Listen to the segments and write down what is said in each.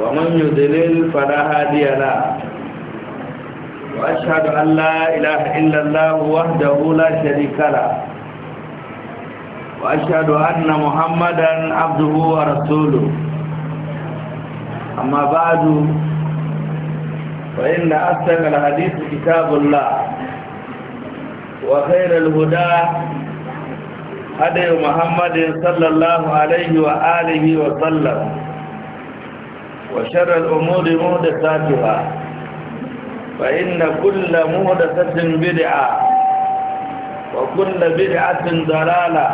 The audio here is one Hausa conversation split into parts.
ومن يضلل فلا هادي له وأشهد أن لا إله إلا الله وحده لا شريك له وأشهد أن محمدا عبده ورسوله أما بعد فإن أصدق الحديث كتاب الله وخير الهدى هدي محمد صلى الله عليه وآله وسلم وشر الأمور مهدساتها فإن كل مهدسة بدعة وكل بدعة ضلالة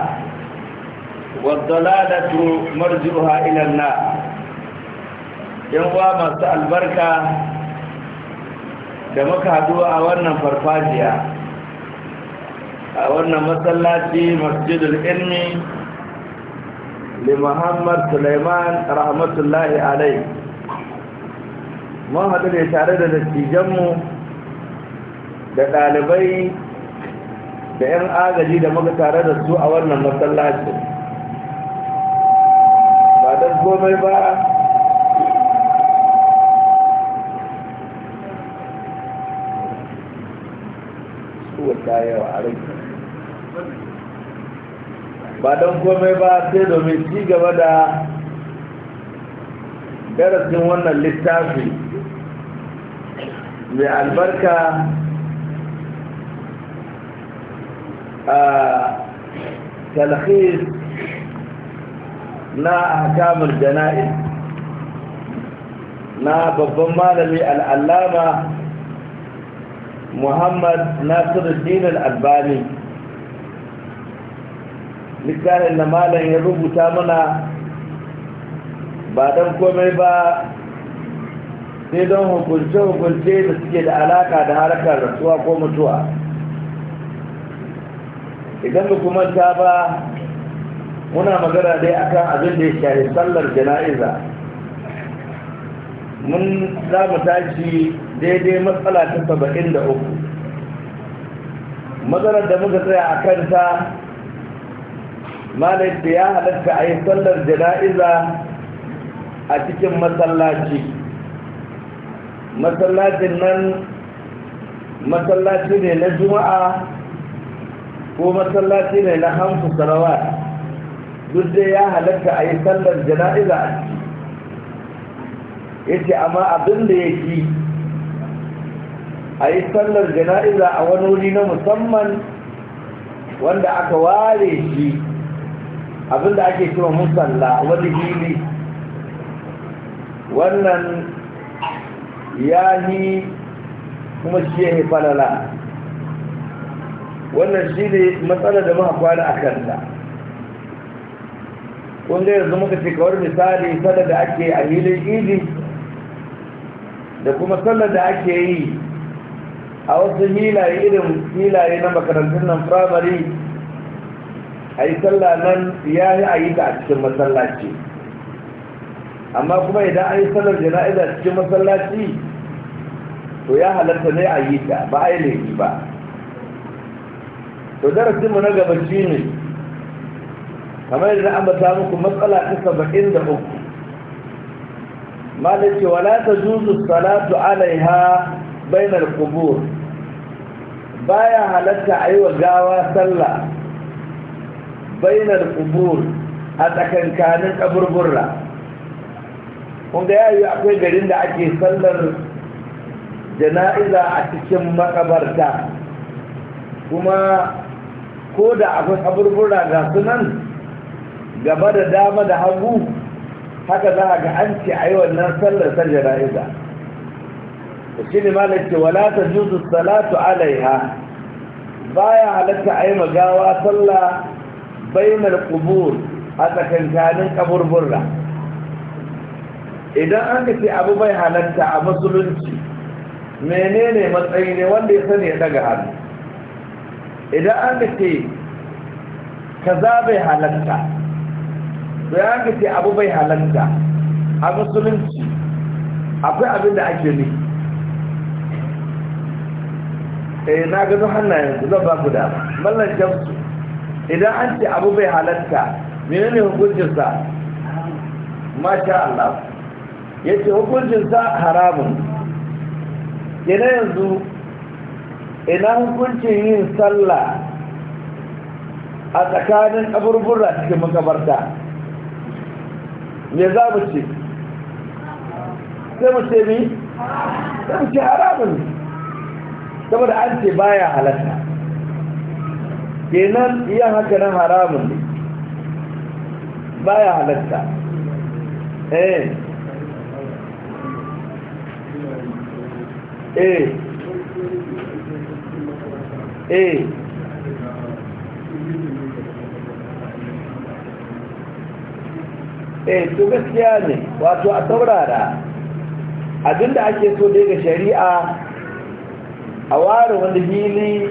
والضلالة مرجعها إلى النار ينوى مساء البركة da muka haduwa a wannan farfajiya a wannan masallaci masjidul ilmi li muhammad sulaiman rahmatullahi alai. mun haɗu ne tare da dattijanmu da ɗalibai da 'yan agaji da muka tare da su a wannan masallacin ba don komai ba ba don komai ba sai domin ci gaba da darasin wannan littafi mai albarka a talhis na hakamar jana'in na babban malami al'allama muhammad nasiruddin al'albani littafin da malam ya rubuta mana ba don komai ba sai don hukunce-hukunce da suke da alaka da harkar rasuwa ko mutuwa idan hukumanta ba muna magana dai akan abin da ya shari sallar jana'iza mun za mu tashi daidai matsala ta saba'in da uku matsalar da muka tsaya a kanta malaita ya halatta a yi sallar jana'iza a cikin matsalaci masallacin nan masallaci ne na juma'a ko masallaci ne na hanfu sarawa duk dai ya halatta a yi sallar jana'iza a ciki ya ce amma abin da ya ki a yi sallar jana'iza a wani wuri na musamman wanda aka ware shi abin da ake cewa musalla wani hili wannan ya yi kuma shi ya yi falala wannan shi ne matsala da muka kwana a kanta kun yanzu muka ce kawar misali sada da ake a hilin idi da kuma sada da ake yi a wasu hilaye irin hilaye na makarantun nan firamare a yi sallanan nan ya yi a yi ta a cikin masallaci amma kuma idan an yi sallar jana'iza cikin masallaci to ya halatta ne a yi ta ba a yi laifi ba to mu na gaba shi ne kamar yadda an bata muku matsala ta saba'in da uku malaki wala ta juzu salatu alaiha bainar kubur baya halatta a yi wa gawa sallah bainar kubur a tsakankanin kaburburra kun ga yayi akwai garin da ake sallar jana'iza a cikin makabarta kuma ko da akwai kaburbura ga sunan gaba da dama da hagu haka za a ga an ce a yi wannan sallar ta jana'iza shi ne malaki wala ta juzu salatu alaiha baya halatta a yi magawa sallah bainar kubur a tsakankanin kaburbura idan an ka ce abu bai halatta a musulunci menene matsayi ne wanda ya sani ya daga hannu idan an ka ce kaza bai halatta to ya ka ce abu bai halatta a musulunci akwai abin da ake ne eh na gano hannayen ku zan ba ku da mallan jamsu idan an ce abu bai halatta menene hukuncinsa masha Allah ya ce hukuncinsa haramun ina yanzu ina hukuncin yin sallah a tsakanin kaburbura cikin makabarta me za mu ce sai mu ce mi sai mu ce haramun saboda an ce baya halatta kenan iya haka nan haramun ne baya halatta eh eh eh eh to gaskiya ne wato a saurara abinda ake so dai ga shari'a a ware wani hili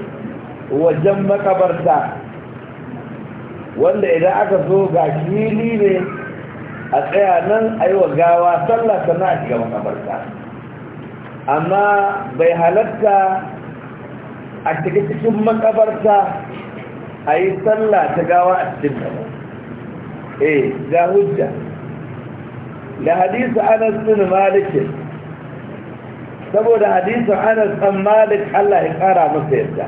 wajen makabarta wanda idan aka zo ga hili ne a tsaya nan a yi wa gawa sallah sannan a shiga makabarta amma bai halatta a cikin cikin makabarta a yi sallah ta gawa a cikin ba eh ga hujja da hadisu anas bin malikin. saboda hadisu anas an malik Allah ya kara masa yadda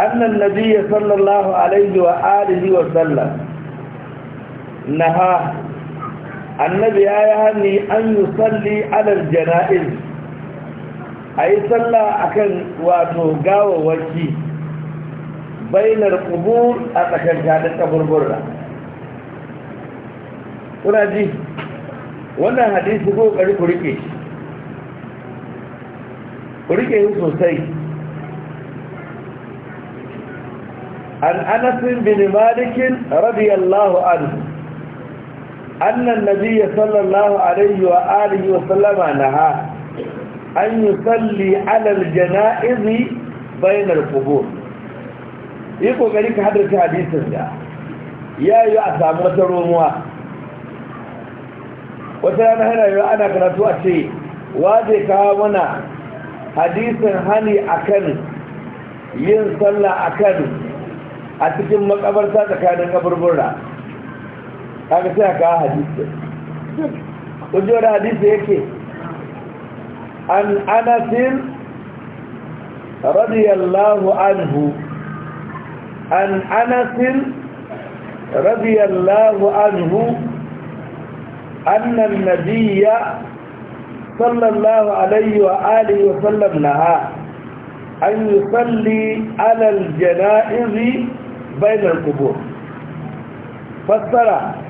annan Nabiya sallallahu alaihi wa alihi wa sallam ha! annabi ya yi hannu an yi salli alal jana'il a yi salla a kan wato gawawaki bainar kubur a tsakar kaburburra kuna ji wannan hadisi ko ƙari ku rike shi ku rike yi sosai an anasin bin malikin radiyallahu anhu annan nabiyya sallallahu alaihi wa alihi wa sallama naha an yusalli ala aljana'izi bainar qubur yi kokari ka haddace hadisin da ya yi a samu wata romuwa wata yana hana yau ana karatu a ce wa zai kawo mana hadisin hani akan yin sallah akan a cikin makabarta tsakanin kaburbura kaga sai ka hadisi wajen wani hadisi yake an anasin radiyallahu anhu an anasin radiyallahu anhu annan nabiya sallallahu alaihi wa alihi wa sallam naha an yusalli alal jana'izi bainar kubur fassara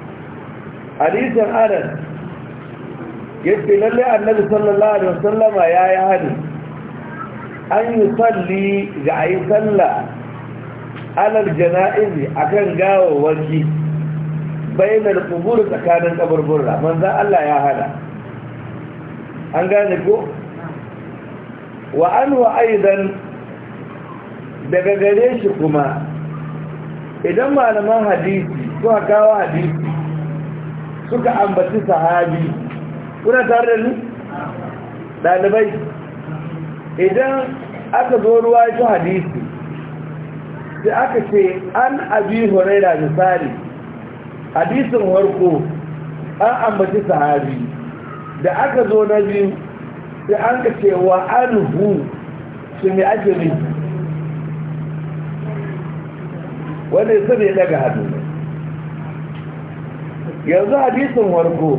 hadisin anas yace lalle annabi sallallahu alaihi wasallama yayi hadi an yi salli ga ayi sallah alal jana'izi akan gawawarki bainal qubur tsakanin kaburburra manzo Allah ya hada an gane ko wa anwa aidan daga gare shi kuma idan malaman hadisi suka kawo hadisi suka ambaci sahabi kuna tare da ni ɗalibai idan aka zo ruwa ya hadisi sai aka ce an abi huraira misali hadisin harko an ambaci sahabi da aka zo na biyu sai an ka ce wa an hu shi ne ake ne wanda ya daga hannu yanzu hadisin warko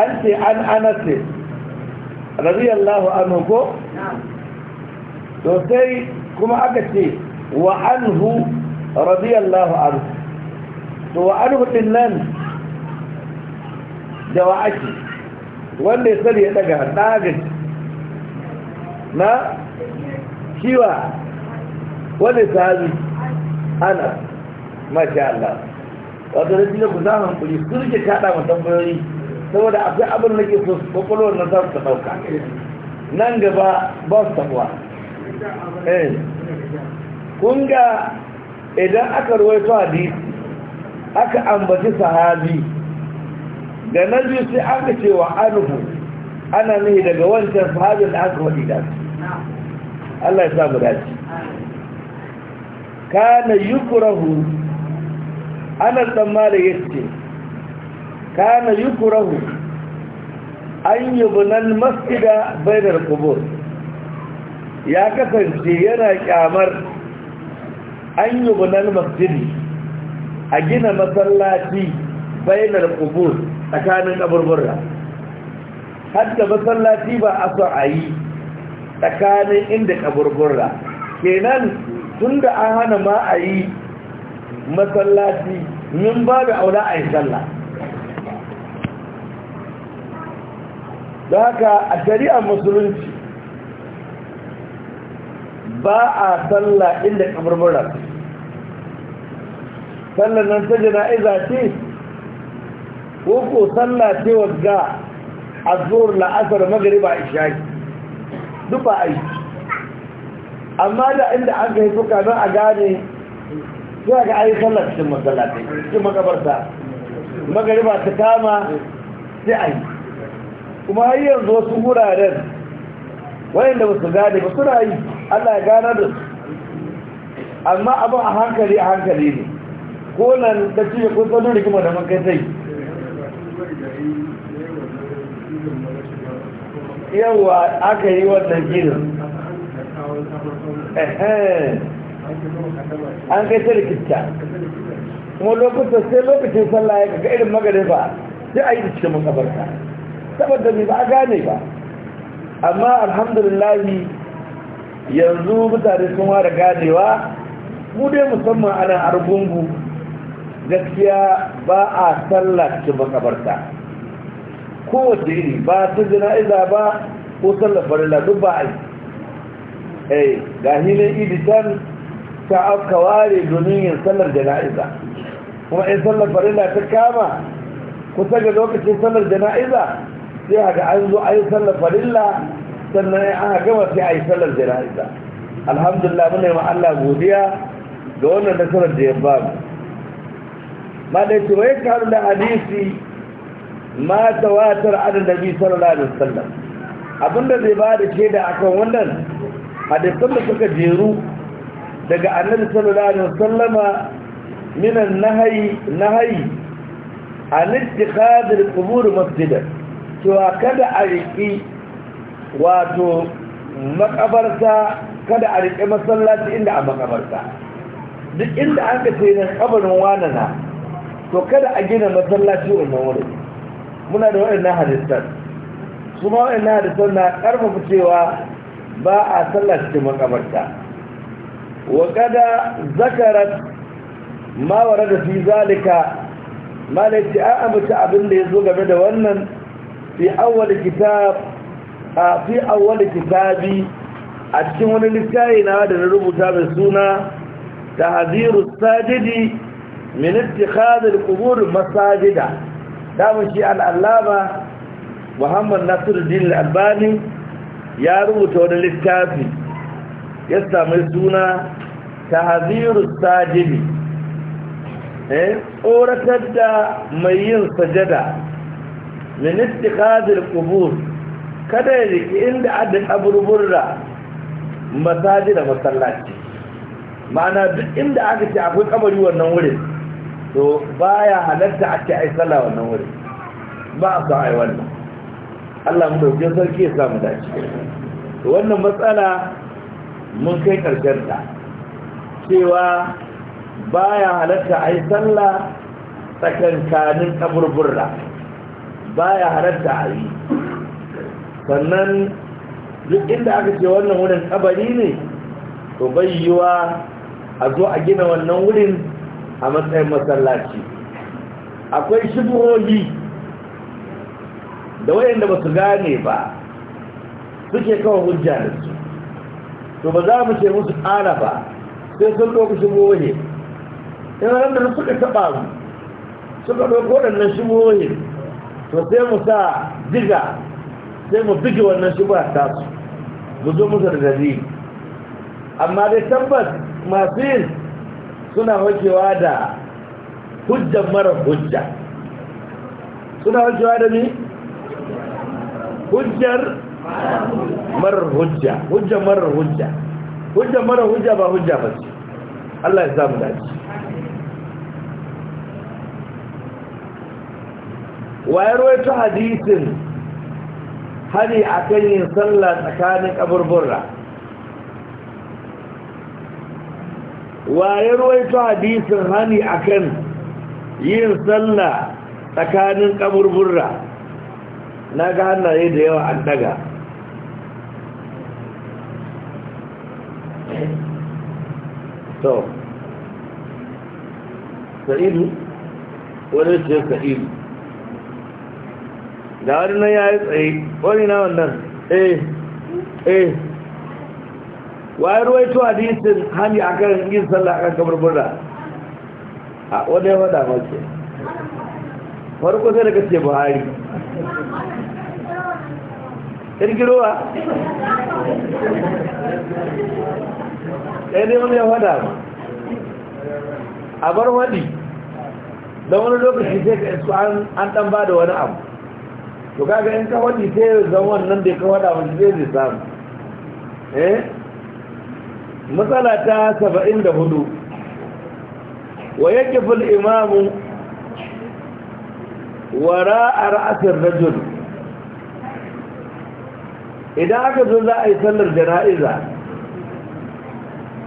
an ce an anase radiyallahu anhu ko to sai kuma aka ce wa anhu radiyallahu anhu to wa anhu din nan da wa ake wanda ya sani ya daga ɗagin na kiwa wani sahabi ana masha Allah wato da cikin ku samun hankali su rike kaɗa ma tambayoyi saboda akwai abin da ke kwakwalwar na za su ɗauka nan gaba ba su tabuwa eh. kun ga idan aka ruwaito hadisi aka ambaci sahabi da na sai aka ce wa anuhu ana nahi daga wancan sahabin da aka faɗi da Allah ya samu dace kana yukrahu anas dan ya ce, kana kurahu an yi al-masjida bainar qubur ya kasance yana kyamar an yi al-masjidi a gina masallaci bainar qubur tsakanin ƙaburbura hatta masallaci ba a so a yi tsakanin inda ƙaburbura kenan da an hana ma a yi masallaci min babu aula a yi sallah da haka a shari'ar musulunci ba a sallah inda kaburbura sallar nan ta jana'iza ce ko sallah ce wadda a zuwar la'asar magariba a ishaki duk ba amma da inda an yi haifuka don a gane zuwa ga ayi sallah cikin masallaci cikin makabarta magariba ta kama sai ayi kuma har yanzu wasu wuraren wayan ba su gane ba suna yi Allah ya gane da su amma abin a hankali a hankali ne ko nan ta ce ko da kuma da man kai sai yawa aka yi wannan ginin an kai ta rikicta kuma lokacin sai lokacin sallah ya kaga irin ba sai a yi da cikin makabarta saboda mai ba a gane ba amma alhamdulillahi yanzu mutane sun ware ganewa mu dai musamman ana argungu gaskiya ba a sallah cikin makabarta kowace iri ba ta jana'iza ba ko sallar farilla duk ba a yi eh, ga idi can ta aka ware domin yin sallar jana'iza kuma in sallar farilla ta kama kusa ga lokacin sallar jana'iza sai haka an zo a yi sallar farilla sannan an gama sai a yi sallar jana'iza alhamdulillah muna yi ma Allah godiya ga wannan nasarar da ya ba mu ma da ce wai ka da hadisi ma tawatar da bi sallar da sallar abinda zai ba da da akan wannan hadisan da suka jeru daga annabi sallallahu alaihi wasallama minan nahayi nahayi an ittikhad al-qubur masjidan cewa kada a riki wato makabarta kada a riki masallaci inda a makabarta duk inda aka ce ne kabarin wani na to kada a gina masallaci wannan wuri, muna da waɗannan hadisan su ma waɗannan hadisan na ƙarfafa cewa ba a sallah makabarta وقد ذكرت ما ورد في ذلك ما ليس أعمت أبن ليزوغ بدا ونن في أول كتاب في أول كتابي أتكلم عن الكائن هذا الربو تابع سنة تهذير الساجد من اتخاذ القبور مساجدا دام شيء العلامة محمد نصر الدين الألباني يا ربو تولى الكتابي ya sami suna tahziru sajidi eh tsoratar da mai yin sajada ministi ittikhadil qubur kada ya riki inda adin aburburra masajida masallaci ma'ana duk inda aka ce akwai kabari wannan wurin to baya halatta a ce ai sallah wannan wurin ba a sa'ai wannan Allah mu dauke sarki ya samu dace wannan matsala mun kai karshen cewa baya halatta a yi sallah tsakankanin kaburburra baya halatta a yi sannan duk inda aka ce wannan wurin kabari ne to bayyiwa a zo a gina wannan wurin a matsayin masallaci akwai shigohi da wayanda ba su gane ba suke kawo hujja da su to ba za mu ce musu ana ba sai sun ɗauki shigohe in ranar suka taɓa su suka ɗauki waɗannan shigohe to sai mu sa diga sai mu bige wannan shigoha ta su mu zo musu da dalili amma dai tabbas masu yin suna wakewa da hujjan mara hujja suna wakewa da ni hujjar mar hujja hujja mar hujja hujja mar hujja ba hujja ba ce Allah ya samu dace wayar wato hadisin hari akan yin sallah tsakanin kaburburra wayar wato hadisin hani akan yin sallah tsakanin kaburburra na ga hannaye da yawa an daga to sa'idu wani ce sa'idu da wani nan ya yi tsaye wani na wannan eh eh waye ruwaito hadisin hali akan yin sallah akan kaburbura a wani ya faɗa mace farko sai daga ce buhari ƙirgirowa sai dai wani ya fada ba a bar wadi don wani lokaci sai ka isu an dan ba da wani abu to kaga in ka wadi sai ya zama wannan da ka wada wani zai zai samu eh matsala ta saba'in da hudu wa yake fil imamu wara a ra'asar rajul idan aka zo za a yi sallar jana'iza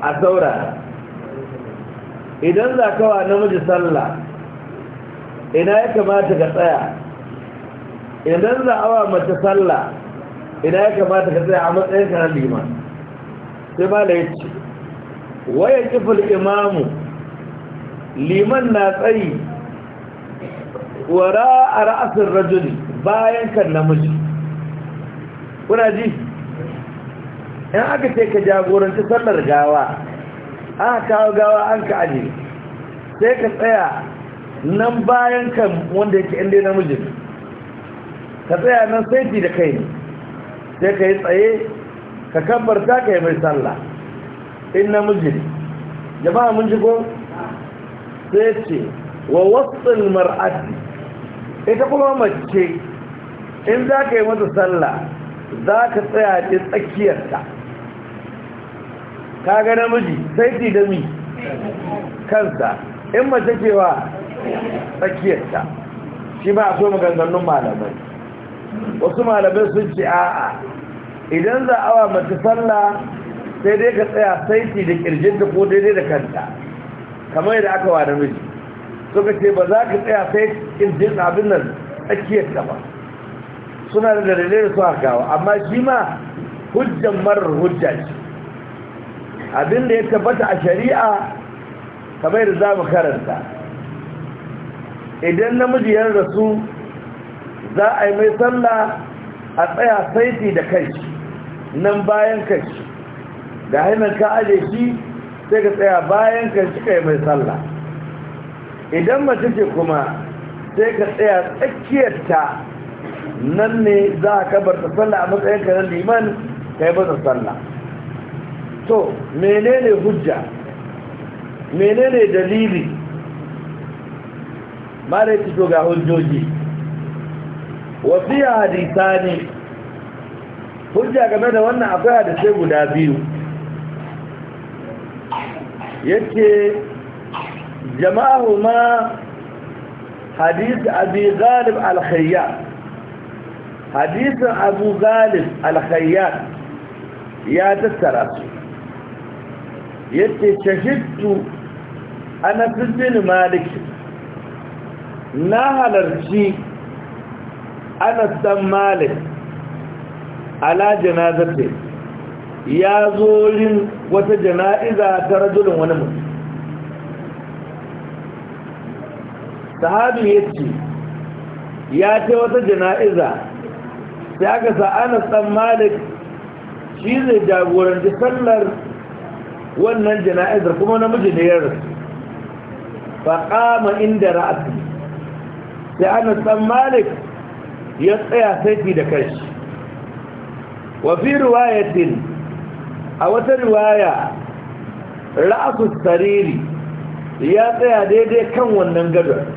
a saura idan za kawa namiji sallah ina ya kamata ka tsaya idan za awa mace sallah ina ya kamata ka tsaya a matsayin na liman sai ba da waya kifin imamu liman na tsayi wara a ra'asin rajuli bayan kan namiji kuna ji in aka ce ka jagoranci sallar gawa an kawo gawa an ka aji sai ka tsaya nan bayan kan wanda yake inda namijin ka tsaya nan saiti da kai ne sai ka yi tsaye ka ta ka yi mai sallah in namijin jama'a mun jigo sai ce wa wasu mar'adi ita kuma mace in za ka yi mata sallah za ka tsaya ce tsakiyarta ka ga namiji sai ti da mi kansa in mace cewa tsakiyarta shi ba a so maganganun malamai wasu malamai sun ce a'a idan za a wa mace sallah sai dai ka tsaya saiti da kirjinta ko daidai da kanta kamar yadda aka wa namiji suka ce ba za ka tsaya sai kirjin abin nan tsakiyarta ba suna da dalilai da su hakawa amma shi ma hujjan marar hujja ce Abin da ya tabbata a shari'a kamar da za mu karanta idan namiji ya rasu za a yi mai sallah a tsaya saiti da kai nan bayan kai da hainan ka aje shi sai ka tsaya bayan kai ka yi mai sallah idan mace ce kuma sai ka tsaya tsakiyarta nan ne za a kabarta sallah a matsayin ka liman ka yi masa sallah to menene hujja menene dalili Mare ki fito ga hujjoji wasiya hadisa ne hujja game da wannan akwai hadisai guda biyu yake jama'ahu ma hadith abi ghalib al-khayyar abu ghalib al ya tattara su yace shahidtu anas bin malik na halarci anas dan malik ala janazati ya zo wata jana'iza ta rajulun wani mutum sahabi yace ya ce wata jana'iza ta aka sa anas malik shi zai jagoranci sallar wannan jana'izar kuma namiji ne ya rasu fa inda ra'si sai Anas dan Malik ya tsaya sai da kanshi wa fi riwayatin a wata riwaya ra'su sariri ya tsaya daidai kan wannan gadon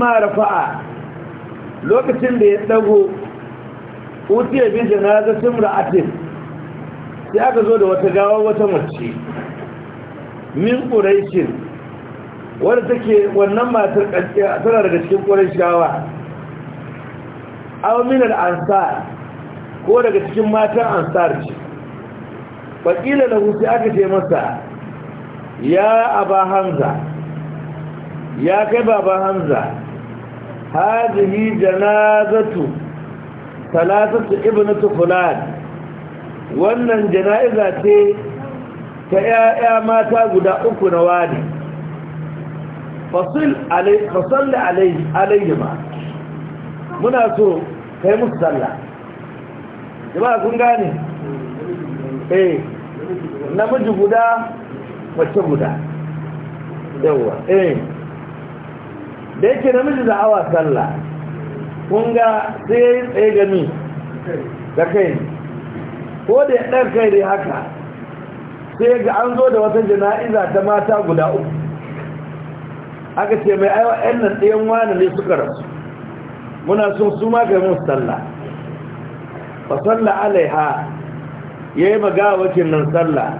mara rafa'a lokacin da ya dago utiya bi janazatin ra'atin sai aka zo da wata gawa wata mace min ƙuraishin wadda take wannan matar tana daga cikin ƙuraishawa auminar ansar ko daga cikin matan ansar ce faƙila da hutu aka ce masa ya aba hamza ya kai baba hamza hazihi janazatu talatattu ibnatu fulan wannan jana'iza ce ta ‘ya'ya mata guda uku na wani fasalli alayhi ma muna so kai musu sallah jama'a kun gane eh namiji guda mace guda yawa eh da yake namiji da awa sallah kun ga sai ya yi tsaye gani da kai ko da ya ɗan kai da haka sai ga an zo da wata jana'iza ta mata guda uku aka ce mai aiwa ɗan nan ɗayan wani ne suka rasu muna sun su maka musu sallah Ba salla alaiha yayi magawakin nan sallah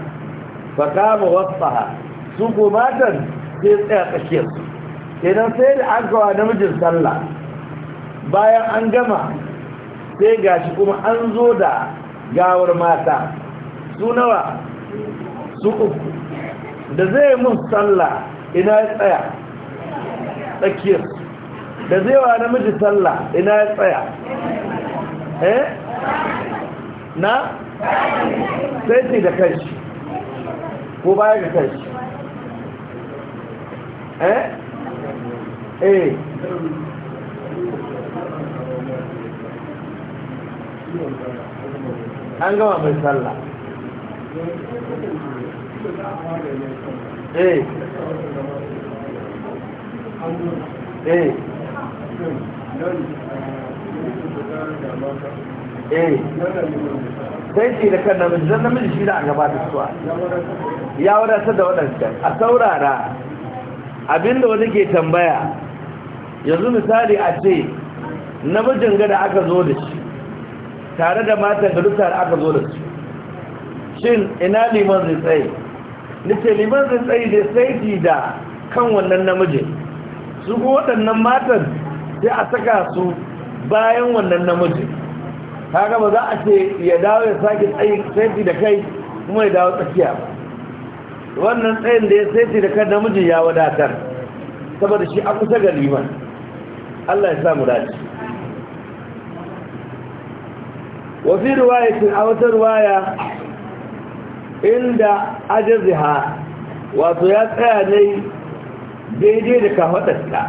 ba kama wasu ha su ko matan sai tsaya tsakiyar su kenan sai da an gawa namijin sallah bayan an gama sai gashi kuma an zo da gawar mata su nawa su uku da zai yi mun sallah ina ya tsaya tsakiyar da zai wa namiji sallah ina ya tsaya eh na sai ce da kanshi ko baya da kanshi eh eh Thank you. an gama mai sallah eh eh eh sai shi da kan namiji don namiji shi da a gaba da suwa ya wadata da waɗancan a saurara abinda wani ke tambaya yanzu misali a ce namijin gada aka zo da shi tare da matan da duk tare aka zo da su shin ina liman zai tsaye nace liman zai tsaye da saiti da kan wannan namijin su ko waɗannan matan sai a saka su bayan wannan namijin kaga ba za a ce ya dawo ya sake tsayi saiti da kai kuma ya dawo tsakiya ba wannan tsayin da ya saiti da kan namijin ya wadatar saboda shi a kusa ga liman Allah ya samu dace wafi ruwayatin a wata ruwaya inda ajaziha wato ya tsaya ne daidai da kafaɗarta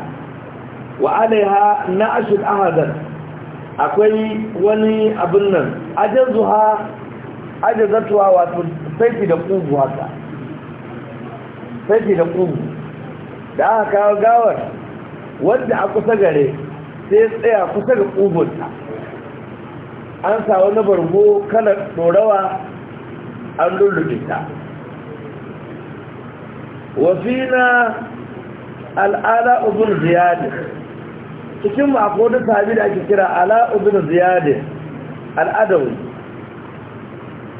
wa alaiha na ashir ahadar akwai wani abin nan ajazuha ajazatuwa wato saifi da ƙugu haka saifi da ƙugu da aka kawo gawar wanda a kusa gare sai tsaya kusa ga ƙugunta an sa wani bargo kalar dorawa an lullube ta wafina al'ala ubin ziyadin cikin makonin sami da ake kira ala ubin ziyadin al'adawu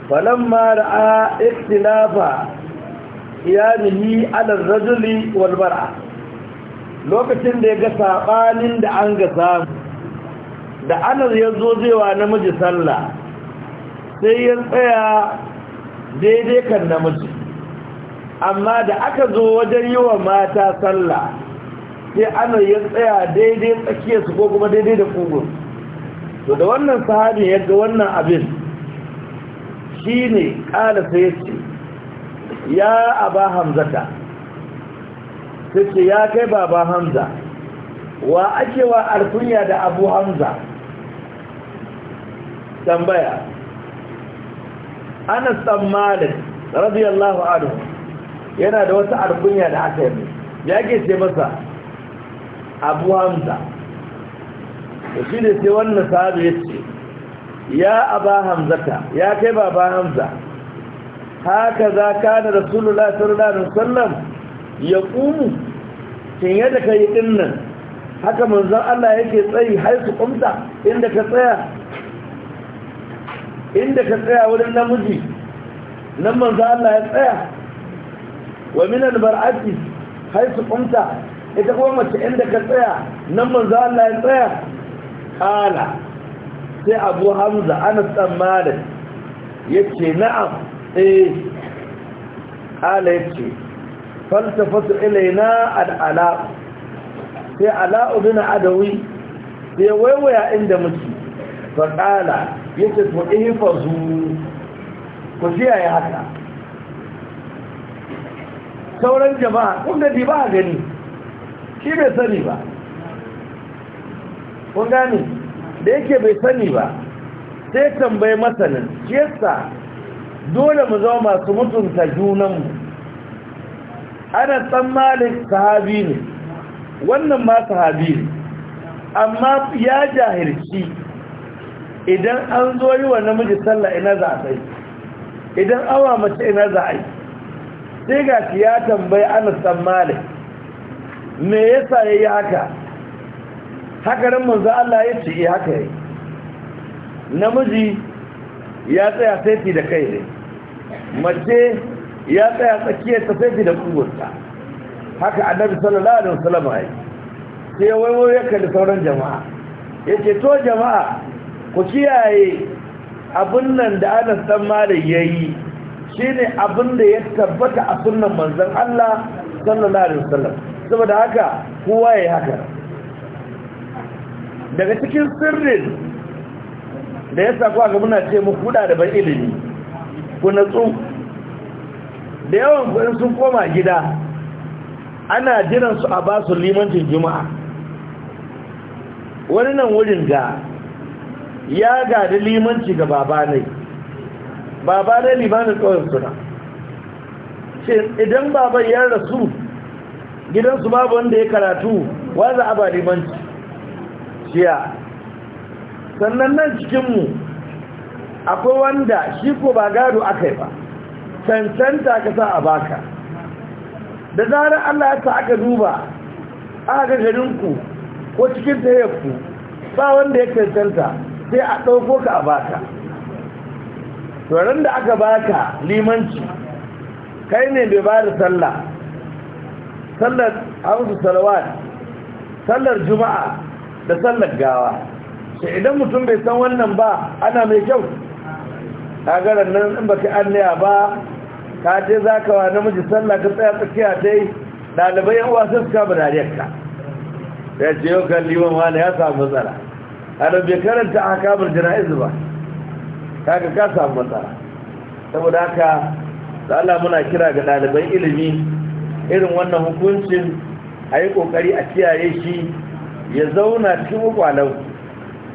falamma ra'a ikhtilafa qiyamihi ala rajuli walbara lokacin da ya ga saɓanin da an ga samu da anar ya zo zewa namiji sallah sai ya tsaya daidai kan namiji amma da aka zo wajen yi wa mata sallah sai anar ya tsaya daidai tsakiyarsu ko kuma daidai da kogon to da wannan sahabi ya ga wannan abin shi ne ƙala sai ya ce ya aba hamzata sai ce ya kai baba hamza wa ake wa arfunya da abu hamza tambaya anas dan malik radiyallahu anhu yana da wata alkunya da aka yi ya ke ce masa abu hamza da shi ne ce wannan sahabi ya ce ya aba hamzata ya kai baba hamza haka za ka da rasulullah sallallahu alaihi wasallam ya kumu cin da ka yi dinnan haka manzon Allah yake tsayi har su kumta inda ka tsaya inda ka tsaya wurin namiji nan manzo Allah ya tsaya wa min albar'ati haythu qumta ita kuma mace inda ka tsaya nan manzo Allah ya tsaya kala sai Abu Hamza Anas bin Malik yace na'am eh kala yace faltafatu ilaina al-ala sai ala'u bin adawi sai waiwaya inda muke fa kala yace to ihfazu eh ku kiyaye haka sauran jama'a kun da ba gani shi bai sani ba kun gani da yake bai sani ba sai tambaye masanin shi yasa dole mu zama masu mutunta junanmu ana tsammanin sahabi ne wannan ma sahabi ne amma ya jahilci idan an zo yi wa namiji sallah ina za a sai idan awa mace ina za a yi sai ga shi ya tambayi ana dan me yasa ya yi haka haka nan manzo Allah ya ce eh, haka yi namiji ya tsaya saiti da kai ne mace ya tsaya tsakiyar ta saiti da kugunta haka annabi sallallahu alaihi wasallam ya yi sai waiwayo ya kalli sauran jama'a ce to jama'a ku kiyaye abin nan da anas dan malik yayi shine abun da ya tabbata a sunnan manzon Allah sallallahu alaihi wasallam saboda haka kowa yayi haka daga cikin sirrin da ya sa kuwa ga muna ce mu kuda da ban ilimi ku natsu da yawan kuɗin sun koma gida ana jiran su a basu limancin juma'a wani nan wurin ga ya gada limanci ga babanai babanai limanin ƙauyen suna idan baban ya rasu gidansu babu wanda ya karatu za a ba limanci shiya sannan nan cikinmu akwai wanda shi ko ba gado aka yi ba cancanta ka sa a baka da zarar allah ya sa aka duba aka garinku ko cikin ku ba wanda ya cancanta sai a ɗauko ka a baka turan da aka baka limanci kai ne bai ba da sallah sallar hamsu salawat sallar juma'a da sallar gawa sai idan mutum bai san wannan ba ana mai kyau agarar nan in an annaya ba ka je za ka wa namiji sallah ka tsaya tsakiya ta yi ɗalibai yan wasu suka ba dariyarka ya ce yau kan liman wani ya samu matsala ana bai karanta a kamar jana'iz ba kaga ka samu matsala saboda haka da muna kira ga ɗaliban ilimi irin wannan hukuncin a yi ƙoƙari a kiyaye shi ya zauna cikin kwalau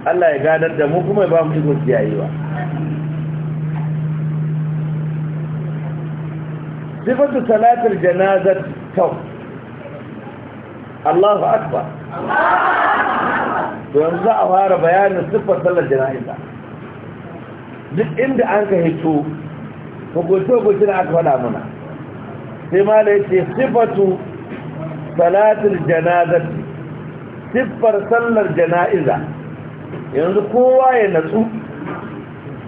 Allah ya gadar da mu kuma ya ba mu iko kiyayewa sifatu salatul janazar tau Allahu akbar to yanzu za a fara bayanin siffar sallar jana'iza duk inda an ka hito hukunce-hukunce da aka faɗa muna sai ma da yake siffatu salatul janazar siffar sallar jana'iza yanzu kowa ya natsu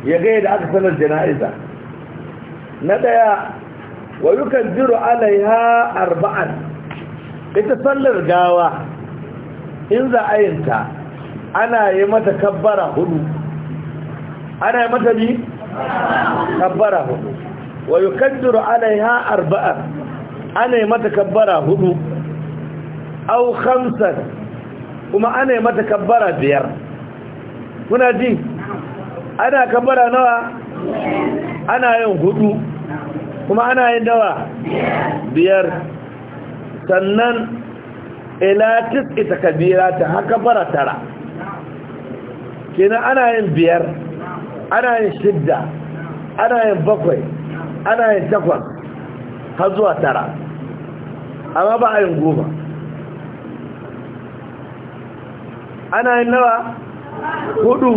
ya gai da aka sallar jana'iza na ɗaya wa yukan jiro alaiha arba'an ita sallar gawa in za a yinta ana yi mata kabbara hudu ana yi mata bi? kabbara hudu wa yi kadduru ana yi ha arba'ar ana yi mata kabbara hudu au hamsar kuma ana yi mata kabbara biyar kuna ji ana kabbara nawa ana yin hudu kuma ana yin dawa biyar sannan ila ita kabira ta haka fara tara kina ana yin biyar ana yin shidda ana yin bakwai ana yin takwas har zuwa tara amma ba a yin goma ana yin nawa hudu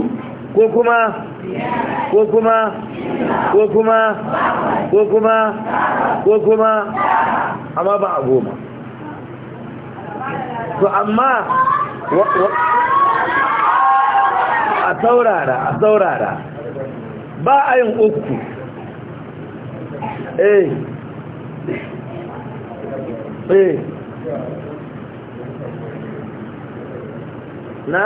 ko kuma ko kuma ko kuma ko kuma ko kuma amma ba a goma to amma a saurara a saurara ba a yin uku eh eh na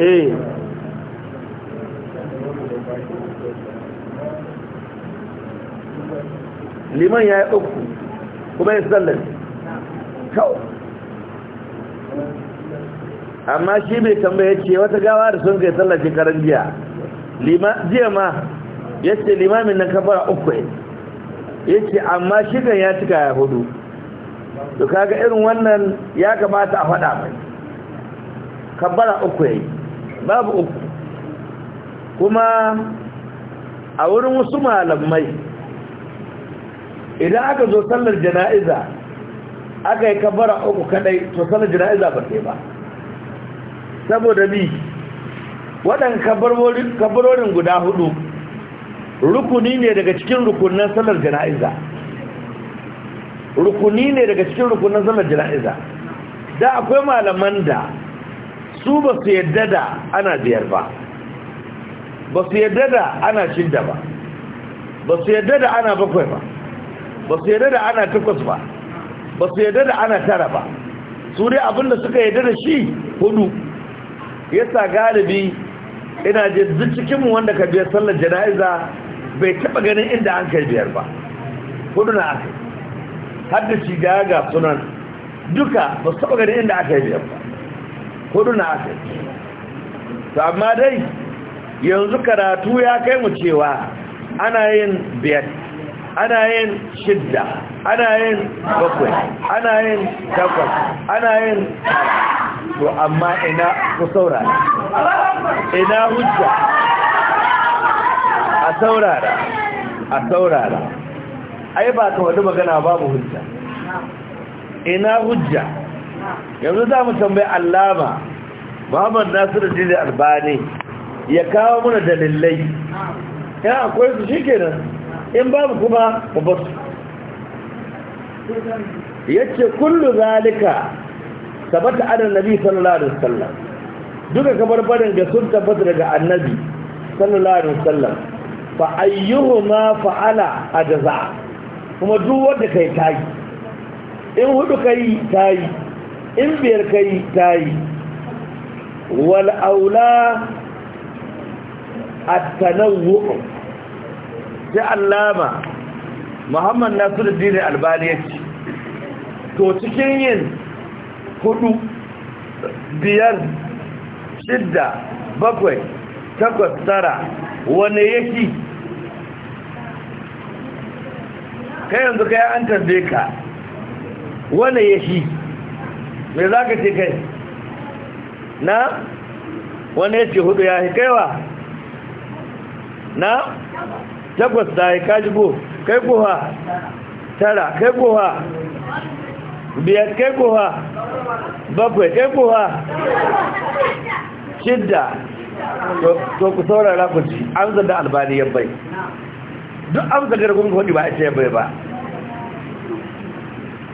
eh liman ya yi uku kuma ya sallar kawo amma shi mai tambaya ce wata gawa da sun kai sallar shekarar jiya jiya ma ya ce limamin na kafara uku ya ce amma shi kan ya cika ya hudu to kaga irin wannan ya kamata a faɗa mai kabbara uku ya yi babu uku kuma a wurin wasu malamai idan aka zo sallar jana'iza aka yi kabara uku kadai to sallar jana'iza ba sai ba saboda bi waɗanda kabarorin guda hudu rukuni ne daga cikin rukunan sallar jana'iza rukuni ne daga cikin rukunan sallar jana'iza da akwai malaman da su ba su yadda da ana biyar ba ba su yadda da ana shidda ba ba su yadda da ana bakwai ba ba su yadda da ana takwas ba ba su yadda da ana tara ba su dai abinda suka yadda da shi hudu yasa galibi ina je cikinmu wanda ka biyar sallar jana'iza bai taɓa ganin inda an kai biyar ba hudu na aka har da shi ga sunan duka ba su taɓa ganin inda aka yi biyar ba hudu na aka to amma dai yanzu karatu ya kai mu cewa ana yin biyar ana yin shidda ana yin bakwai ana yin takwas ana yin to amma ina ku saurara ina hujja a saurara a saurara ai ba ka wani magana babu hujja ina hujja yanzu za mu tambayi allama muhammad nasiru jini albani ya kawo mana dalilai ya akwai su shi kenan in babu kuma babu yace kullu zalika sabata anan nabi sallallahu alaihi wasallam duka barin ga sun tabbata daga annabi sallallahu alaihi wasallam fa ayyuhuma fa'ala ajza kuma duk wanda kai tayi in hudu kai tayi in biyar kai tayi wal aula at-tanawwu' sai allama muhammad nasiruddin albani ya ce to cikin yin hudu biyar shidda bakwai takwas tara wane yake Ka yanzu kai an tambaye ka wane yake me za ka ce kai na wane ya ce hudu ya kaiwa na takwas da ya kaji go kai kowa tara kai kowa biyar kai kowa bakwai kai kowa shidda to ku saurara ku ci an zanda albani yabbai duk an zanda da kuma hudu ba a ce yabbai ba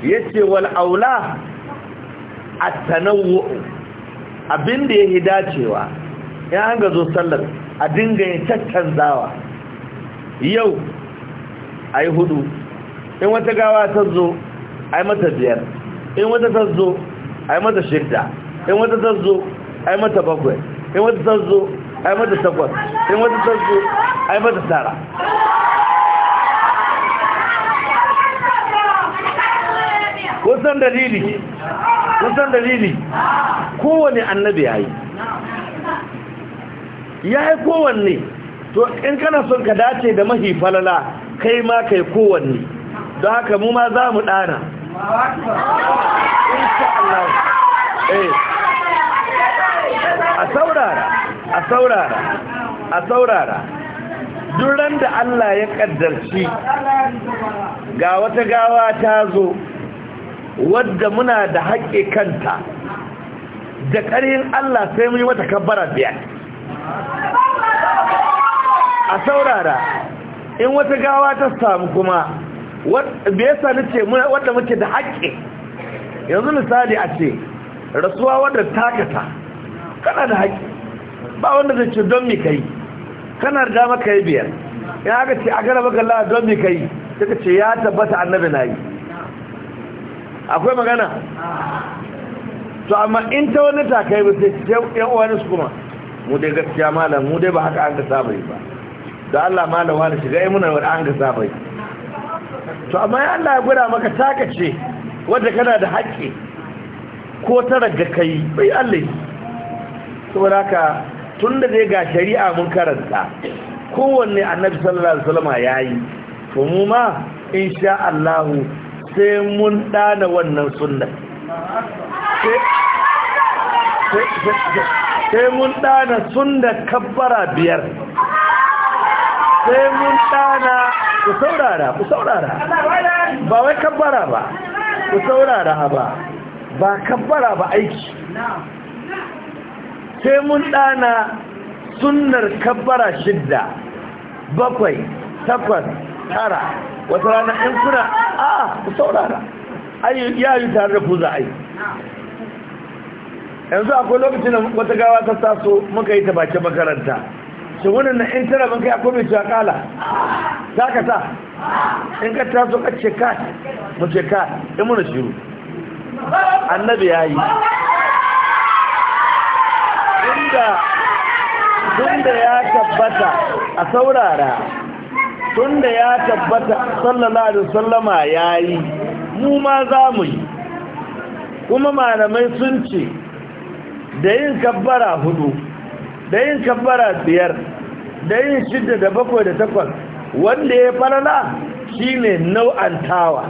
ya ce wal'aula a tanawo abinda ya hida cewa ya hanga zo sallar a dinga yin caccanzawa yau a yi hudu in wata gawa ta zo a yi mata biyar in wata ta zo a yi mata shidda in wata ta zo a yi mata bakwai in wata ta zo a yi mata takwas in wata ta zo a yi mata tara kusan dalili kusan dalili kowane annabi ya yi ya yi kowanne to in kana son ka dace da mahi falala kai ma kai kowanne don haka mu ma za mu ɗana eh. a saurara a saurara a saurara duran da Allah ya ƙaddarci ga wata gawa ta zo wadda muna da haƙƙi kanta da ƙarin Allah sai mu yi wata kabbara biyar a saurara in wata gawa ta samu kuma bai ya na ce wadda muke da haƙƙi yanzu misali a ce rasuwa wadda takata kana da haƙƙi ba wanda zai ce don mi kai kana da dama kai biyar ya aka ce a gara baka la'a don mi kai suka ce ya tabbata annabi na yi akwai magana to amma in ta wani takai ba sai yan uwanin su kuma mu dai gaskiya malam mu dai ba haka an ka saba yi ba da Allah malama da shiga yi muna wadda an ga bai to amma ya Allah ya gwada maka taka ce wadda kana da haƙƙi ko ta raga kai bai Allah saboda haka tun da zai ga shari'a mun karanta kowanne annabi sallallahu alaihi wasallam yi. to mu ma insha Allah sai mun dana wannan sunnar sai mun dana sunnar kabbara biyar sai mun ɗana ku saurara ku saurara ba wai kabbara ba ku saurara ba ba kabbara ba aiki sai mun ɗana sunnar kabbara shidda bakwai takwas tara wata rana in suna a ah, ku saurara ya yi tare da ku ai yanzu akwai lokacin da wata gawa ta taso muka yi ta bakin makaranta shi wannan na in tara ban kai kome mai cewa kala ta ka sa in ka taso ka ce ka mu ce ka in muna shiru annabi ya yi tunda ya tabbata a saurara tunda ya tabbata sallallahu alaihi sallama ya yi mu ma za mu yi kuma malamai sun ce da yin kabbara hudu da yin kabbara biyar da yin shidda da bakwai da takwas wanda ya falala shine nau'antawa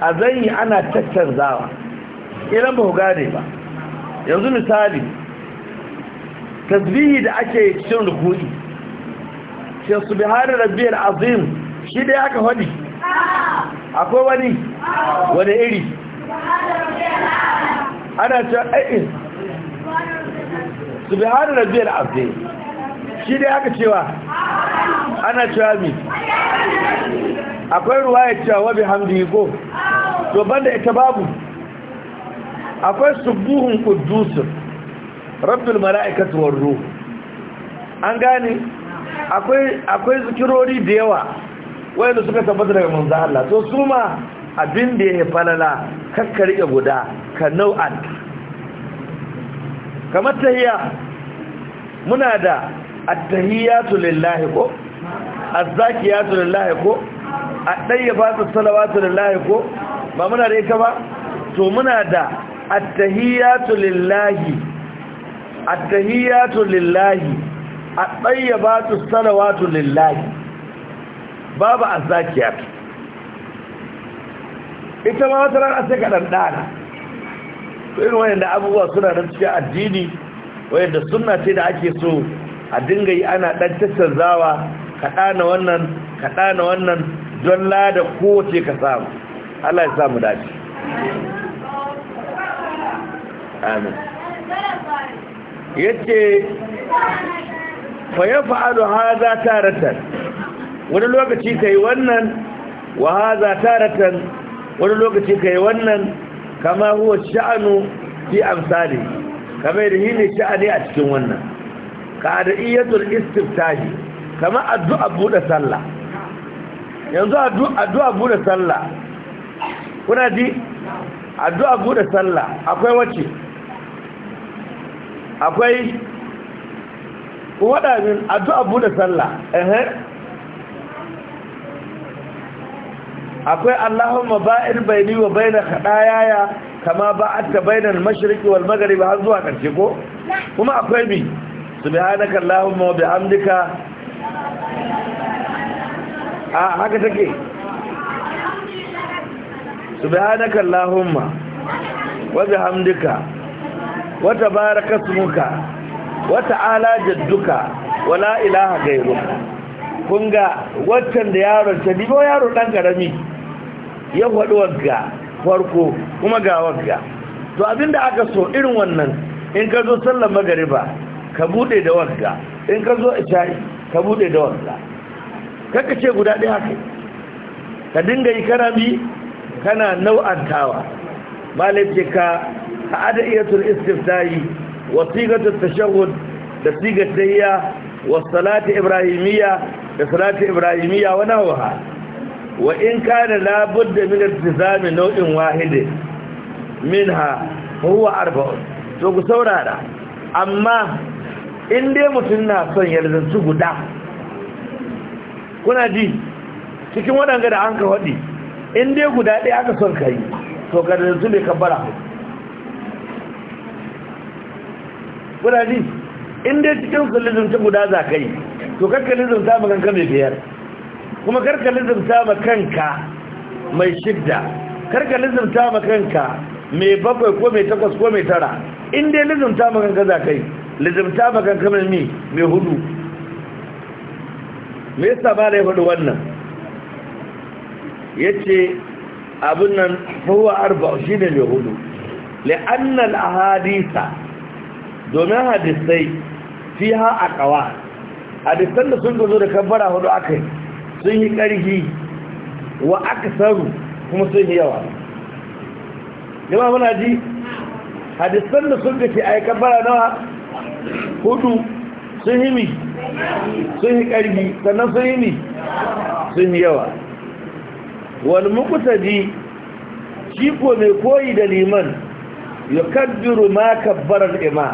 a zanyi ana tattanzawa. idan ba ku gane ba yanzu misali tasbihi da ake cikin rukuni shi subhani rabbiyal azim shi dai aka hadi akwai wani wani iri ana cewa aikin su bi hannun biyar abdai shi dai aka cewa ana cewa mi akwai ruwa ya cewa wabi hamdi ko to banda ita babu akwai subuhun kudusun rabbul mala'ikatu war an gane akwai zikirori da yawa wayanda suka tabbata daga manzo Allah to su ma abin da yi falala kakkar guda ka nau'an kamar tahiyya muna da at-tahiyyatu lillahi ko az-zakiyatu lillahi ko at-tayyibatu salawatu lillahi ko ba muna da ita ba to muna da at-tahiyyatu lillahi at-tahiyyatu lillahi at-tayyibatu salawatu lillahi babu az ita ma wata rana sai ka dan dana to irin da abubuwa suna da cikin addini da sunna ce da ake so a dinga yi ana dan tattaunawa kada na wannan kada na wannan don lada kowace ka samu Allah ya samu dace amin yace fa yaf'alu hadha taratan wani lokaci kai wannan wa hadha taratan wani lokaci kai wannan kama huwa sha'anu fi amsali kama da ne sha'ani a cikin wannan qad'iyatul istiftahi kama addu'a buɗe sallah yanzu addu'a buɗe sallah kuna ji addu'a buɗe sallah akwai wacce akwai waɗannan addu'a buɗe sallah ehem akwai Allahumma ba'in baini wa baina khadayaya kama ba'atta baina al-mashriqi wal maghrib har zuwa karshe ko kuma akwai bi subhanaka Allahumma wa bihamdika a haka take subhanaka Allahumma wa bihamdika wa wa ta'ala jadduka wa la ilaha ghayruka Kunga ga waccan da yaron ta dibo yaro ɗan karami ya faɗi wagga farko kuma ga wagga to abinda aka so irin wannan in ka zo sallar magariba ka bude da wagga in ka zo isha'i ka bude da wagga kaka ce guda ɗaya kai ka dinga yi karami kana nau'antawa tawa ka ka adaiyatul istiftahi wa sigatul tashahhud da sigat tayya wa salati ibrahimiyya da salatu ibrahimiyya wa nahwaha wa in kana la budda min iltizami nau'in wahide minha huwa arba'un to ku saurara amma in dai mutum na son yalzantu guda kuna ji cikin waɗanda da an ka waɗi in dai guda ɗaya aka son ka yi to ka da ne ka kuna ji in dai cikin su ta guda za ka yi to karka lizumta ma kanka mai biyar kuma karka lizumta ma kanka mai shidda karka lizumta ma kanka mai bakwai ko mai takwas ko mai tara in dai lizumta ma kanka za kai lizumta ma kanka mai mi mai hudu me yasa ba da ya faɗi wannan Ya ce abin nan fahuwa arba shi ne mai hudu la'annal ahadisa domin hadisai fi ha a kawai hadisan da sun zo da kabbara hudu aka yi sun yi ƙarfi wa aka saru kuma sun yi yawa yawa muna ji hadisan da sun gace a yi kabbara nawa hudu sun yi mi sun yi ƙarfi sannan sun yi mi sun yi yawa wani mukutaji shi ko mai koyi da liman ya kabbiru ma kabbarar ima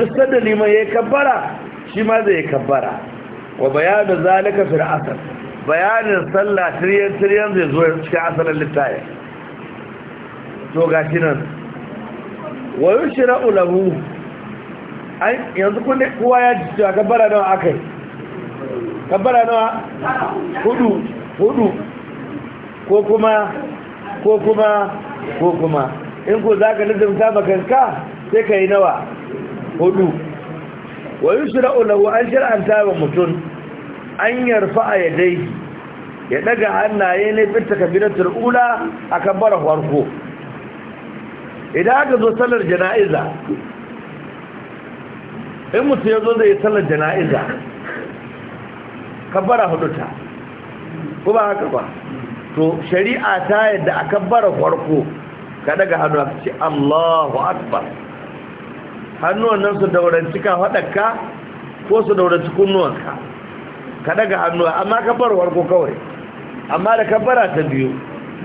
duk sadda liman ya yi kabbara shi ma zai kabbara wa bayanin zalika fil asr bayanin sallah tiryan tiryan zai zo cikin asalin littafi to gashi nan wa yushra ulahu ai yanzu kun kowa ya ji kabbara nawa akai kabbara nawa hudu hudu ko kuma ko kuma ko kuma in ko zaka ta bakanka sai kai nawa hudu wa yusra lahu an an wa mutun an yarfa yadai ya daga hannaye ne fi takbiratul ula akan bara farko idan aka zo sallar jana'iza in mutum ya zo zai sallar jana'iza kabbara huduta ko ba haka ba to shari'a ta yadda a kabbara farko ka daga hannu a ce Allahu akbar hannuwan nan su dauranci ka haɗaka, ko su dauranci kunnuwanka ka daga hannuwa amma ka bar warko kawai amma da ka bara ta biyu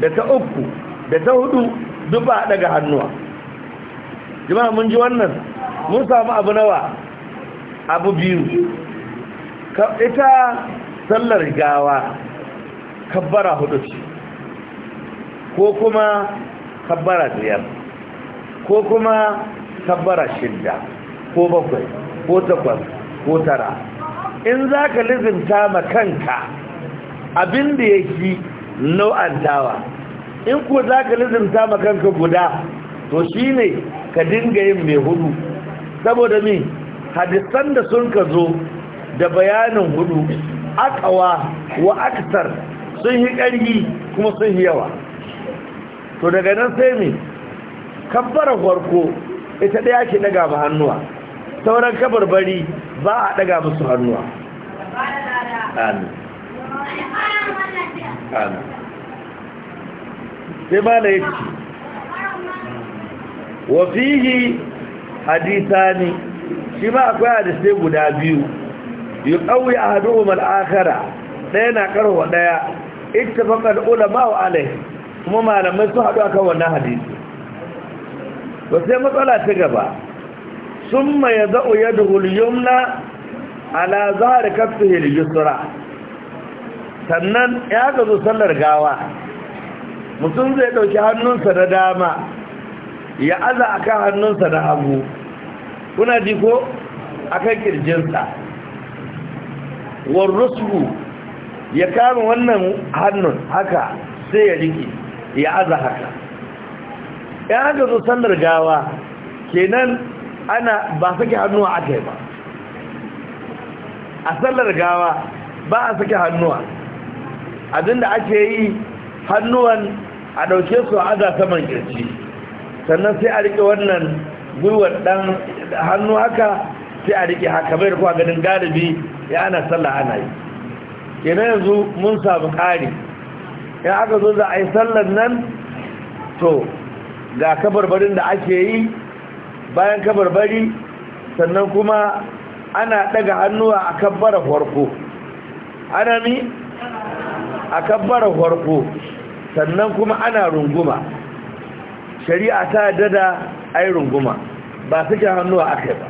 da ta uku da ta hudu duk ba daga hannuwa jama'a mun ji wannan mun samu abu nawa abu biyu ita sallar gawa kabbara hudu ce ko kuma kabbara biyar ko kuma tabbara shidda ko bakwai ko takwas ko tara in za ka lizinta ma kanka abin da ya fi nau'antawa in ko za ka lizinta ma kanka guda to shi ne ka dinga yin mai hudu saboda mi hadisan da sun ka zo da bayanin hudu akawa wa aksar sun yi ƙarfi kuma sun yi yawa to daga nan sai mi kabbara farko ita ɗaya yake daga ba hannuwa sauran kabarbari ba a daga musu hannuwa amin sai wafihi hadisani shi ma akwai hadisai guda biyu yi ƙauye a hadu umar akara ɗaya na ƙarfa daya ita faƙar ulama wa alai kuma malamai sun haɗu kan wannan hadisi to sai matsala ta gaba sun ma ya za'u ya duhul yumna ala zahar kafin yusra sannan ya ga zo sallar gawa mutum zai ɗauki hannunsa da dama ya aza a kan hannunsa da hagu kuna ji ko a kan ƙirjinsa warrusku ya kama wannan hannun haka sai ya riƙe ya aza haka Ya aka zo sallar gawa kenan ana ba sake hannuwa aka ba a sallar gawa ba a sake hannuwa abinda ake yi hannuwan a ɗauke su a aza saman kirci sannan sai a riƙe wannan gwiwar ɗan hannu haka sai a riƙe haka bai rikuwa ganin galibi ya ana sallah ana yi kenan yanzu mun samu ƙari ya aka zo za a yi sallar nan to ga kabarbarin da ake yi bayan kabarbari sannan kuma ana daga hannuwa a kabbara farko ana mi a kabbara farko sannan kuma ana runguma shari'a ta dada ai runguma ba suke hannuwa aka ba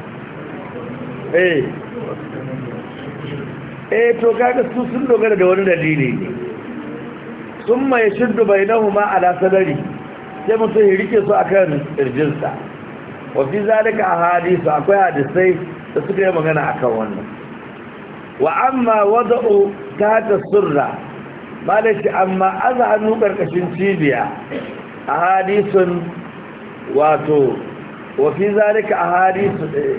eh eh to kaga su sun dogara da wani dalili ne sun mai shiddu bainahuma ala sadari sai mutum ya rike su akan kirjinsa wa fi zalika ahadisu akwai hadisai da suka yi magana a kan wannan wa amma wada'u ta ta surra shi amma aza hannu ƙarƙashin cibiya A hadisun wato wa fi zalika ahadisu eh,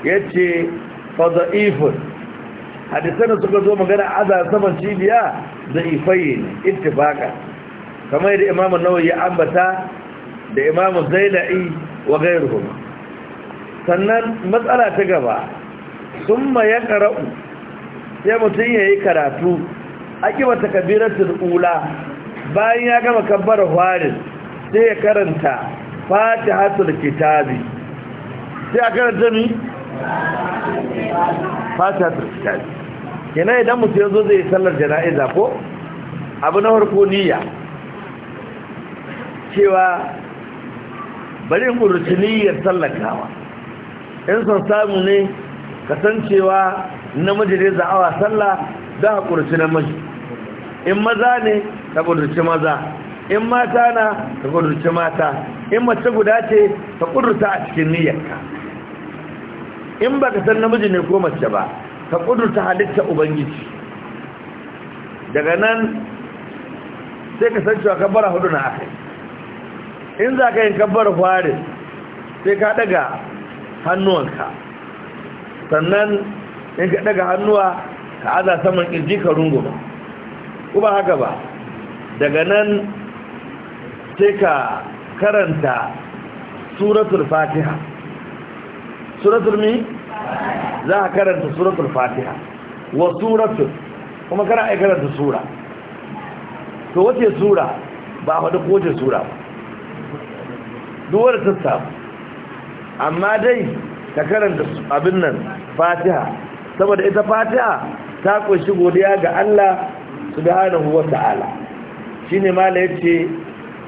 yace ce da'ifun hadisai da suka zo magana a aza saman cibiya da ifayi ne ittifaka kamar yadda imamun ya ambata da imamun zaina'i wa gairuhum sannan matsala ta gaba sun ma sai mutum ya yi karatu a kima ula bayan ya gama kabbar hwarin sai ya karanta fatihatul kitabi sai a karanta mi fatihatul kitabi kenan idan mutum ya zo zai sallar jana'iza ko abu na harko niyya cewa bari ya tsallakawa in son samu ne kasancewa namiji ne za'awa sallah za a ƙurci namiji in maza ne ta ƙurci maza in mata na ta ƙurci mata in mace guda ce ta ƙurta a cikin niyyarka in ba ka san namiji ne ko mace ba ka ƙudurta halitta ubangiji daga nan sai ka san cewa ka bara hudu na akai in za ka yin kabbar fari sai ka daga hannuwanka sannan in ka daga hannuwa ka aza saman ƙirji ka runguma ba haka ba daga nan sai ka karanta suratul fatiha suratul mi za a karanta suratul fatiha wa suratul kuma kana ai karanta sura to wace sura ba a faɗi kowace sura ba duwar ta samu amma dai ta karanta abin nan fatiha saboda ita fatiha ta kunshi godiya ga Allah subhanahu wa ta'ala shine mala yace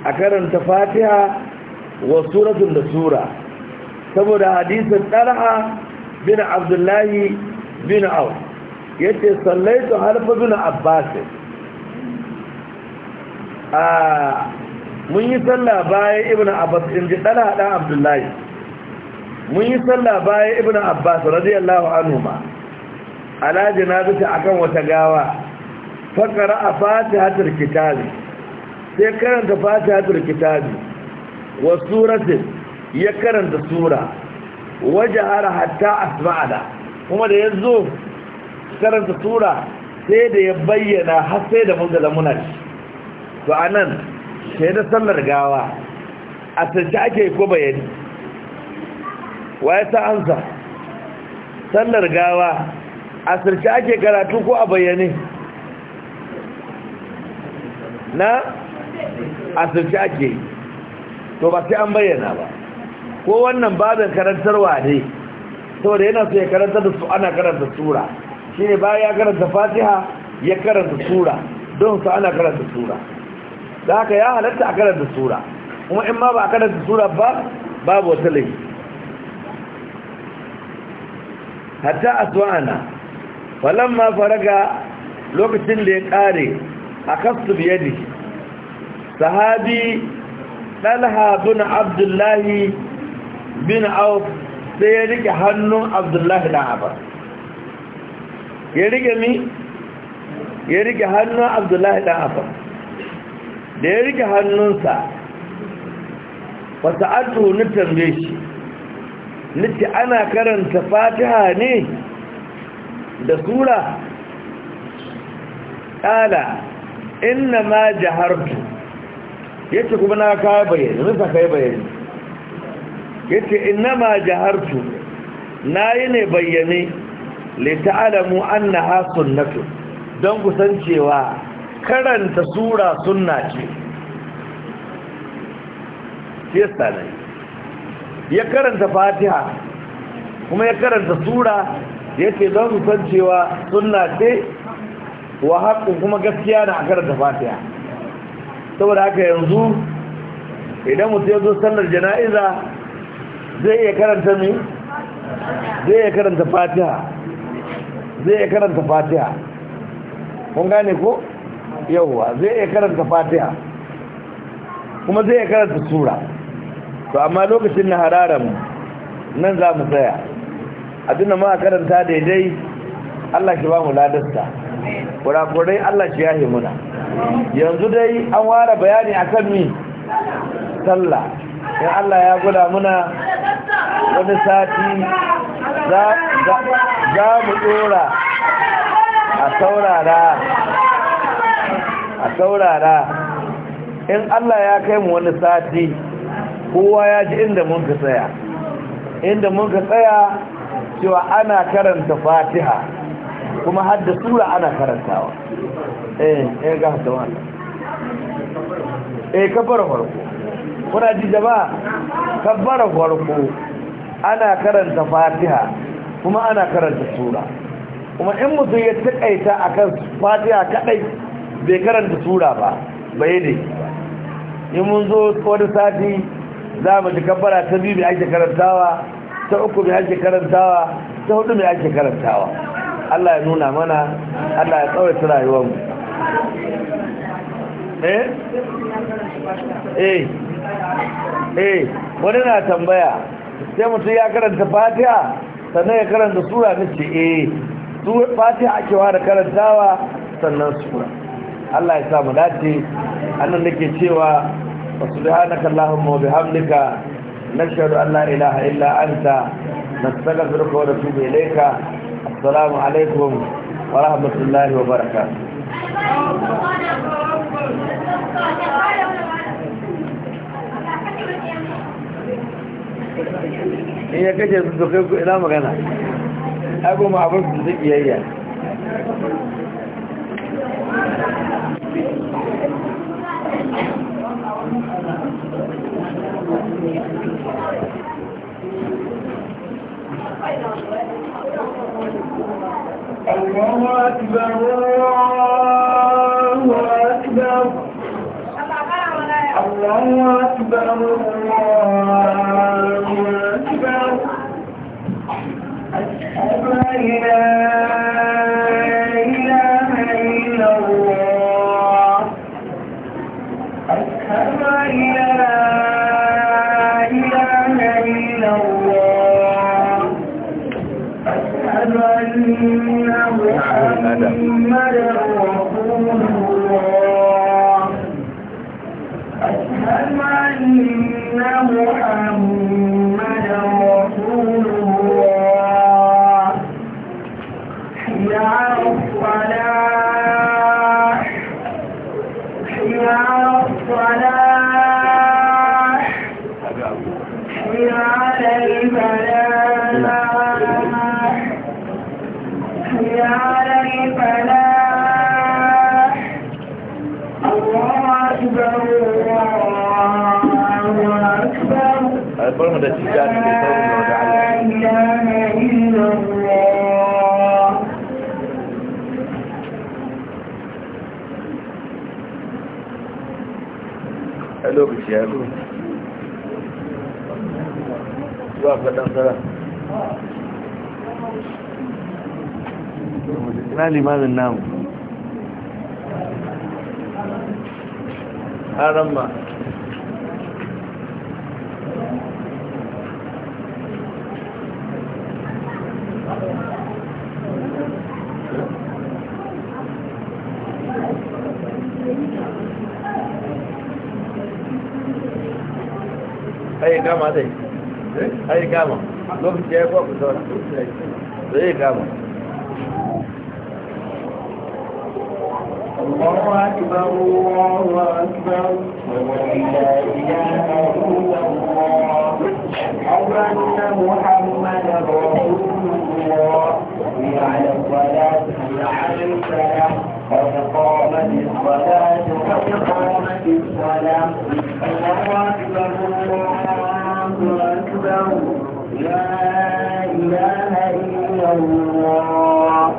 a karanta fatiha wa suratun da sura saboda hadisin talha bin abdullahi bin aw yace sallaitu harfa bin abbas ah, mun yi sallah bayan ibn abbas in ji dala dan abdullahi mun yi sallah bayan ibn abbas radiyallahu anhu ma ala janazati akan wata gawa fakara a fatihatul kitabi sai karanta fatihatul kitabi wa surati ya karanta sura wajahara hatta asma'ana kuma da yazo karanta sura sai da ya bayyana har sai da mun ga muna to anan Sai da sallar gawa a tsanci ake ko bayani waya ta ansa sallar gawa a tsanci ake karatu ko a bayani na a tsanci ake to ba sai an bayyana ba ko wannan babin karantarwa ne saboda yana so ya karanta da su ana karanta sura shi ne baya ya karanta fatiha ya karanta sura don su ana karanta sura da haka ya halatta a da sura kuma in ma ba a da sura ba babu wata laifi hatta aswana falamma faraga lokacin da ya kare a kasu biyadi sahabi dalha bin abdullahi bin auf sai ya rike hannun abdullahi dan abar. ya rike mi ya rike hannun abdullahi dan abar. da ya rike hannunsa wata atu na tambaye shi nita ana karanta fatiha ne da sura ƙala inna ma jahartu ya ce kuma na kawo bayani nufa kai bayani ya ce inna ma jahartu na yi ne bayyane lita alamu an na hasun nato don kusancewa karanta sura sunna ce fiesta ne ya karanta fatiha kuma ya karanta sura ya ce don su san cewa sunna ce wa haƙu kuma gaskiya na a karanta fatiha saboda haka yanzu idan mutu ya zo sallar jana'iza zai iya karanta mi zai iya karanta fatiha zai iya karanta fatiha kun gane ko yawwa zai iya karanta fatiha kuma zai iya karanta sura to amma lokacin na hararan nan za mu tsaya a duna ma karanta daidai Allah shi ba mu ladasta kurakurai Allah shi yahi muna yanzu dai an ware bayani akan mi sallah in Allah ya guda muna wani sati za mu tsora a saurara saurara in Allah ya kai mu wani sati kowa ya ji inda mun ka tsaya inda mun ka tsaya cewa ana karanta fatiha kuma hadda sura ana karantawa eh eh ga hada wannan eh kabbar farko kuna ji jama'a bar farko ana karanta fatiha kuma ana karanta sura kuma in mutum ya taƙaita akan fatiha kadai bai karanta tura ba bai ne in mun zo wani sati za mu ji kabbara ta biyu mai ake karantawa ta uku mai ake karantawa ta hudu mai ake karantawa Allah ya nuna mana Allah ya tsawaita rayuwarmu eh eh eh wani na tambaya sai mutum ya karanta fatiha sannan ya karanta sura ta ce eh fatiha ake wa da karantawa sannan sura Allah ya sa mu dace annan nake cewa subhanaka allahumma wa bihamdika nashhadu an la ilaha illa anta nastaghfiruka wa natubu ilayka assalamu alaikum wa rahmatullahi wa barakatuh in ya kace su kai ku ina magana ai goma abin su zai iyayya الله أكبر الله أكبر الله أكبر الله أكبر أشهد أن لا shahada wasallam ina limamin namu haram ma ai kama da ai kama lokaci ya kuwa ku saura الله أكبر الله أكبر لا إله إلا الله أن محمد رسول الله هي الصلاة هي على السلام قد قامت الصلاة قد قامت الصلاة الله أكبر الله أكبر أكبر لا إله إلا الله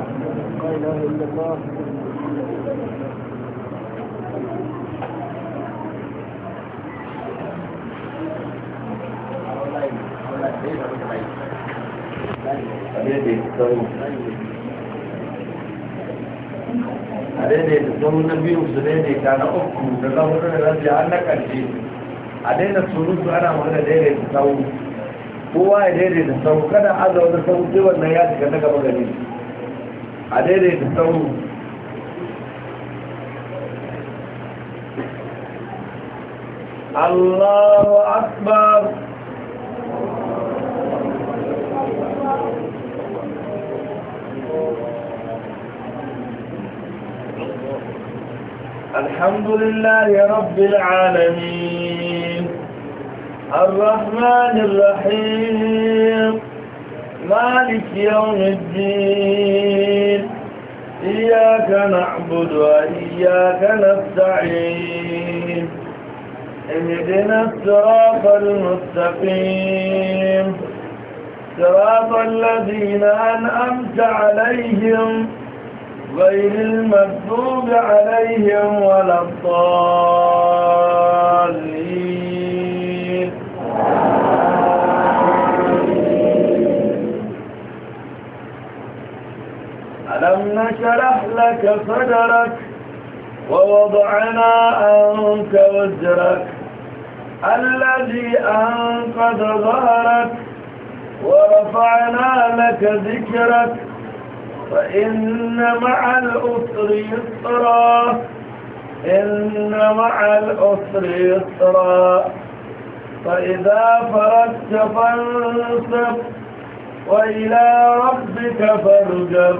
a daidaita na biyu su daidaita na uku da zaune da an na ƙarshe a daina surutu ana magana daidaita kowa ya daidaita sau kada aza wani sau sai wannan ya shiga ta gaba gare a daidaita sau الله أكبر الحمد لله رب العالمين الرحمن الرحيم مالك يوم الدين إياك نعبد وإياك نستعين اهدنا الصراط المستقيم صراط الذين أنأمت عليهم غير المكتوب عليهم ولا الضالين ألم نشرح لك صدرك ووضعنا أنك وزرك الذي أنقذ ظهرك ورفعنا لك ذكرك فإن مع الأسر يسرا إن مع الأسر يسرا فإذا فرجت فانصب وإلى ربك فارجب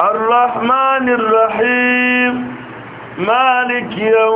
الرحمن الرحيم مالك يوم